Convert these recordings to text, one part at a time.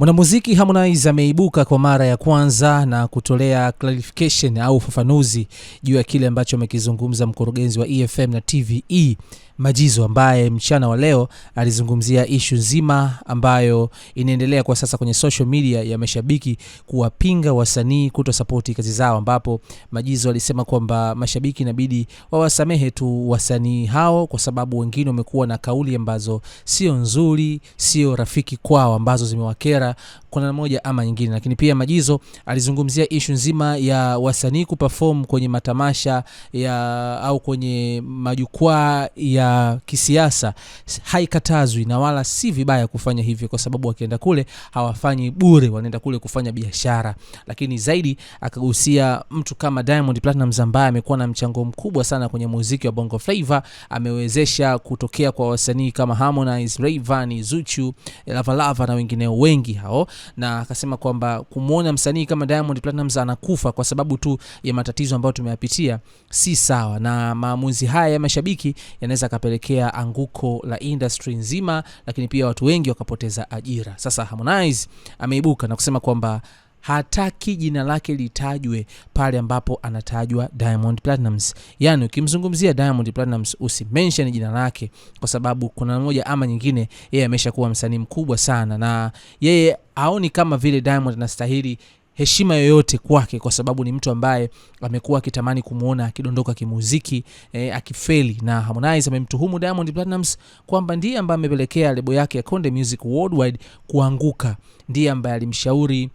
Mwanamuziki Harmonize ameibuka kwa mara ya kwanza na kutolea clarification au ufafanuzi juu ya kile ambacho amekizungumza mkurugenzi wa EFM na TVE Majizo, ambaye mchana wa leo alizungumzia ishu nzima ambayo inaendelea kwa sasa kwenye social media ya mashabiki kuwapinga wasanii kuto sapoti kazi zao, ambapo Majizo alisema kwamba mashabiki inabidi wawasamehe tu wasanii hao kwa sababu wengine wamekuwa na kauli ambazo sio nzuri, sio rafiki kwao, ambazo zimewakera kuna moja ama nyingine. Lakini pia Majizo alizungumzia ishu nzima ya wasanii kuperform kwenye matamasha ya au kwenye majukwaa ya kisiasa haikatazwi, na wala si vibaya kufanya hivyo, kwa sababu wakienda kule hawafanyi bure, wanaenda kule kufanya biashara. Lakini zaidi akagusia mtu kama Diamond Platnumz ambaye amekuwa na mchango mkubwa sana kwenye muziki wa Bongo Flava, amewezesha kutokea kwa wasanii kama Harmonize, Rayvanny, Zuchu, Lavalava na wengineo wengi hao, na akasema kwamba kumwona msanii kama Diamond Platnumz anakufa kwa sababu tu ya matatizo ambayo tumeyapitia si sawa, na maamuzi haya ya mashabiki yanaweza kapelekea anguko la industry nzima, lakini pia watu wengi wakapoteza ajira. Sasa Harmonize ameibuka na kusema kwamba hataki jina lake litajwe pale ambapo anatajwa Diamond platinums yani ukimzungumzia Diamond Platnumz usimention jina lake, kwa sababu kuna moja ama nyingine, yeye ameshakuwa msanii mkubwa sana, na yeye aoni kama vile Diamond anastahili heshima yoyote kwake, kwa sababu ni mtu ambaye amekuwa akitamani kumwona akidondoka kimuziki eh, akifeli. Na Harmonize amemtuhumu Diamond Platnumz kwamba ndiye ambaye amepelekea lebo yake ya Konde Music Worldwide kuanguka, ndiye ambaye alimshauri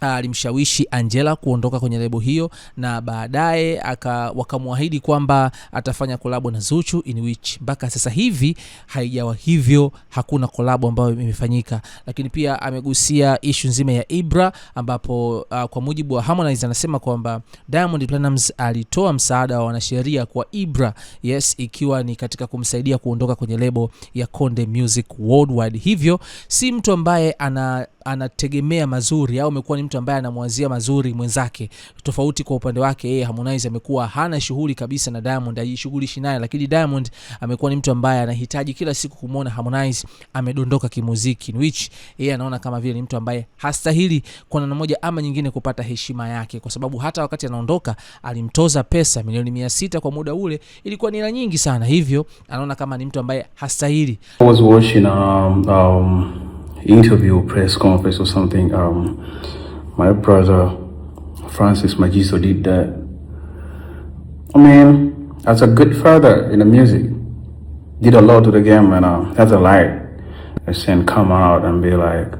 alimshawishi Angela kuondoka kwenye lebo hiyo na baadaye wakamwahidi kwamba atafanya kolabo na Zuchu in which mpaka sasa hivi haijawa hivyo, hakuna kolabo ambayo imefanyika. Lakini pia amegusia ishu nzima ya Ibra ambapo uh, kwa mujibu wa Harmonize anasema kwamba Diamond Platnumz alitoa msaada wa wanasheria kwa Ibra, yes, ikiwa ni katika kumsaidia kuondoka kwenye lebo ya Konde Music Worldwide. Hivyo si mtu ambaye ana, anategemea mazuri au amekuwa mtu ambaye anamwazia mazuri mwenzake, tofauti kwa upande wake yeye Harmonize amekuwa hana shughuli kabisa na Diamond, hajishughulishi naye, lakini Diamond amekuwa ni mtu ambaye anahitaji kila siku kumwona Harmonize amedondoka kimuziki, which yeye anaona kama vile ni mtu ambaye hastahili kwa namna moja ama nyingine kupata heshima yake, kwa sababu hata wakati anaondoka alimtoza pesa milioni mia sita kwa muda ule, ilikuwa ni hela nyingi sana, hivyo anaona kama ni mtu ambaye hastahili. Um, um, interview press conference or something um, My brother Francis Magiso did that. I mean, as a good father in the music, did a lot to the game, and uh, as a light. I said, come out and be like,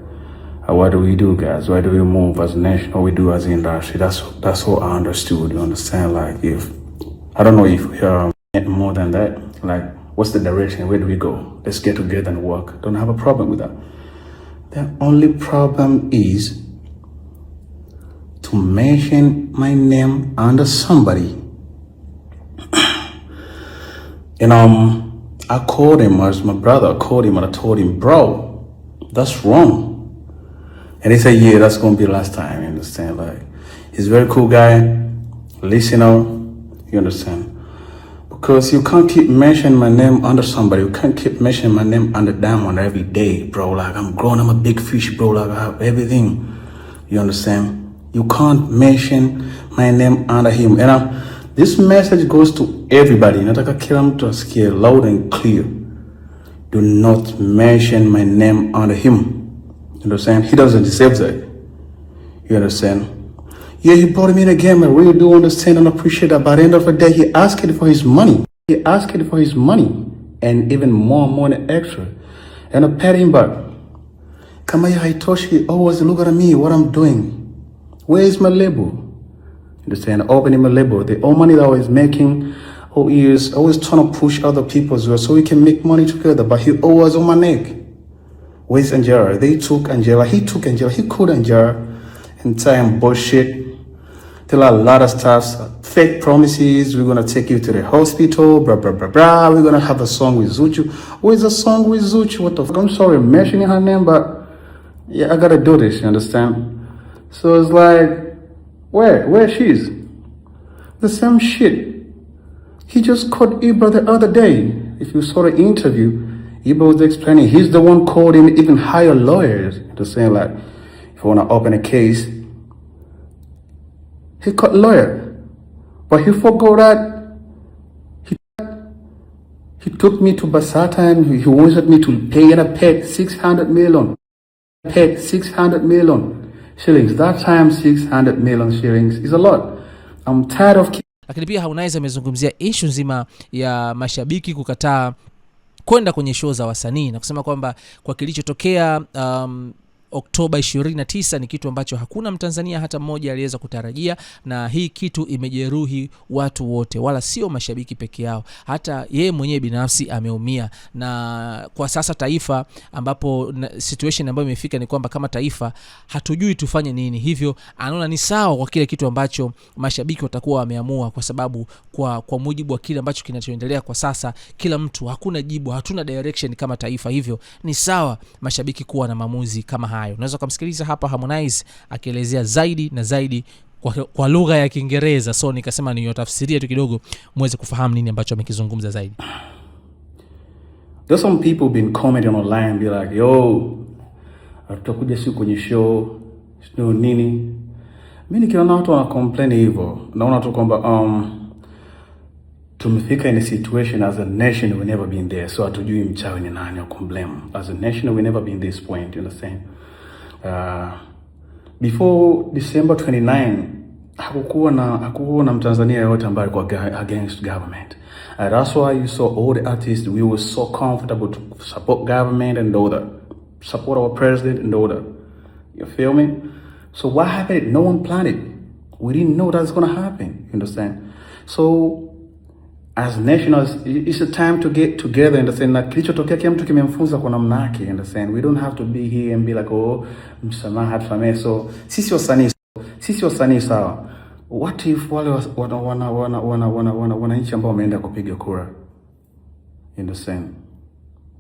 uh, what do we do, guys? Where do we move as a nation? What we do as industry? That's that's what I understood. You understand? Like, if I don't know if we um, are more than that, like, what's the direction? Where do we go? Let's get together and work. Don't have a problem with that. The only problem is mention my name under somebody. and um, I called him, as my brother I called him, and I told him, bro, that's wrong. And he said, yeah, that's gonna be the last time. You understand? Like, he's a very cool guy, listener. You understand? Because you can't keep mentioning my name under somebody. You can't keep mentioning my name under diamond every day, bro. Like I'm grown, I'm a big fish, bro. Like I have everything. You understand? You can't mention my name under him. And uh, this message goes to everybody. Nataka kila mtu asikie loud and clear. Do not mention my name under him. You understand? He doesn't deserve that. You understand? Yeah, he brought him in again. I really do understand and appreciate that. By the end of the day, he asked for his money. He asked for his money and even more money extra. And I paid him back. Kama haitoshi, always look at me, what I'm doing. Where is my label? Understand? Opening my label, The all money that I was making oh is always trying to push other people as well so we can make money together. But he always on my neck. Where's Angela? They took Angela. He took Angela. He called Angela and time bullshit. Tell a lot of stuff, fake promises. We're gonna take you to the hospital, blah blah blah blah. We're gonna have a song with Zuchu. Where's the song with Zuchu? What the fuck? I'm sorry, mentioning her name, but yeah, I gotta do this. You understand? So it's like, where? Where she's? The same shit. He just called Ibra the other day. If you saw the interview, Ibra was explaining he's the one calling even higher lawyers to say like, if you want to open a case, he called lawyer, but he forgot that he he took me to Basata and he wanted me to pay a pet six hundred million, paid six hundred million. shillings. That time 600 million shillings is a lot. I'm tired of lakini pia Harmonize amezungumzia ishu nzima ya mashabiki kukataa kwenda kwenye show za wasanii na kusema kwamba kwa kilichotokea um, Oktoba 29 ni kitu ambacho hakuna Mtanzania hata mmoja aliweza kutarajia, na hii kitu imejeruhi watu wote, wala sio mashabiki peke yao, hata yeye mwenyewe binafsi ameumia. Na kwa sasa taifa, ambapo situation ambayo imefika ni kwamba kama taifa hatujui tufanye nini, hivyo anaona ni sawa kwa kile kitu ambacho mashabiki watakuwa wameamua, kwa sababu kwa, kwa mujibu wa kile ambacho kinachoendelea kwa sasa, kila mtu hakuna jibu, hatuna direction kama taifa, hivyo ni sawa mashabiki kuwa na maamuzi kama hayo. Unaweza ukamsikiliza hapa Harmonize akielezea zaidi na zaidi kwa, kwa lugha ya Kiingereza, so nikasema niwatafsirie tu kidogo muweze kufahamu nini ambacho amekizungumza zaidi. some people been commenting online be like yo, tutakuja siku kwenye show sio nini. Mimi nikiona watu wana complain hivyo, naona tu kwamba um, tumefika in a situation as a nation we never been there, so hatujui mchawi ni nani wa complain As a nation we never been this point, you understand? know Uh, before December 29 hakukuwa na hakukuwa na Mtanzania yoyote ambaye alikuwa against government. Uh, that's why you saw all the artists we were so comfortable to support government and all that. Support our president and all that. You feel me? So what happened? No one planned it. We didn't know that's gonna happen. You understand? So as nationals it's a time to get together understand, na kilichotokea kila mtu kimemfunza kwa namna yake understand. We don't have to be here and be like oh, msamaha tusamee. So sisi wasanii sisi wasanii sawa, what if wale wana wana wana wana wana wana wananchi ambao wameenda kupiga kura understand,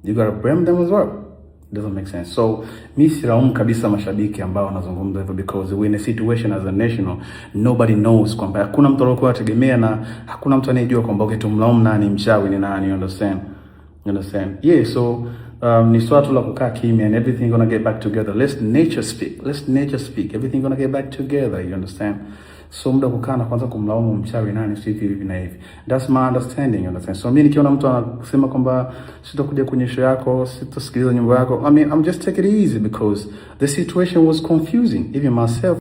you gotta blame them as well. Doesn't make sense. So mi silaumu kabisa mashabiki ambao wanazungumza hivyo because we're in a situation as a national nobody knows kwamba hakuna mtu aliyokuwa anategemea na hakuna mtu anayejua kwamba okay, tumlaumu nani, mchawi ni nani, you understand? You understand? Yeah, so um, ni swala tu la kukaa kimya and everything gonna get back together. Let's nature speak. Let's nature speak. Everything gonna get back together. You understand? so muda kukaa na kwanza kumlaumu mchawi nani sio hivi na hivi, that's my understanding, you understand. So mimi nikiona mtu anasema kwamba sitakuja kwenye show yako, sitasikiliza nyimbo yako, I mean I'm just taking it easy because the situation was confusing even myself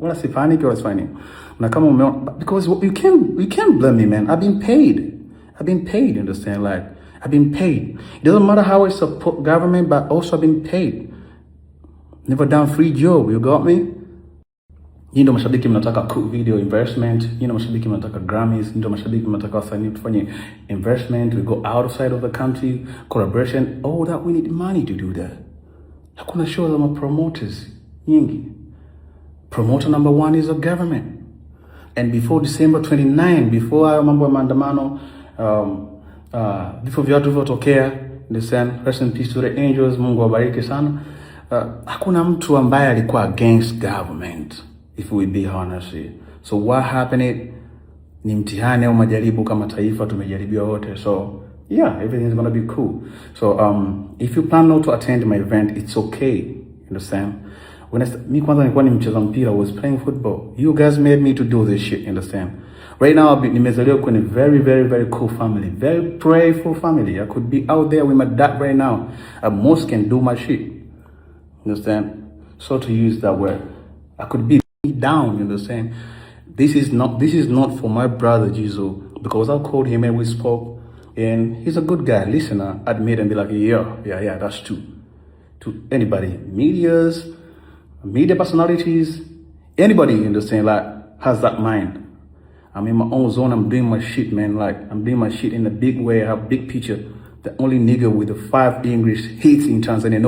wala sifaniki wala sifaniki. Now, come on, because you can not you can not blame me man, I've been paid, I've been paid, you understand like I've been paid. It doesn't matter how I support government, but also I've been paid. Never done free job, you got me? Hii ndo mashabiki mnataka cool video investment. Hii ndo mashabiki mnataka Grammys. Hii ndo mashabiki mnataka wasanii tufanye investment. We go outside of the country, collaboration. All that we need money to do that. Hakuna show za promoters nyingi. Promoter number one is a government. And before December 29, before hayo mambo ya maandamano um, Ah, vifo vya watu vilivyotokea Nisem, rest in peace to the angels, Mungu awabariki sana. Uh, hakuna mtu ambaye alikuwa against government if we be honest. So what happened ni mtihani au majaribu, kama taifa tumejaribiwa wote. So yeah, everything is going to be cool. So um if you plan not to attend my event, it's okay. You understand? When I, mi kwanza nilikuwa ni mcheza mpira, was playing football. You guys made me to do this shit, you understand? Right now, in a very very very cool family, very prayerful family. I could be out there with my dad right now. A mosque can do my shit. Understand? So to use that word, I could be down. You understand? This is not this is not for my brother Jesus because I called him and we spoke, and he's a good guy. Listener, admit and be like, yeah, yeah, yeah, that's true. To anybody, media's, media personalities, anybody, you understand? Like has that mind. I'm in my own zone. I'm doing my shit, man. Like I'm doing my shit in a big way. I have big picture. The only nigga with the five English hits in Tanzania. No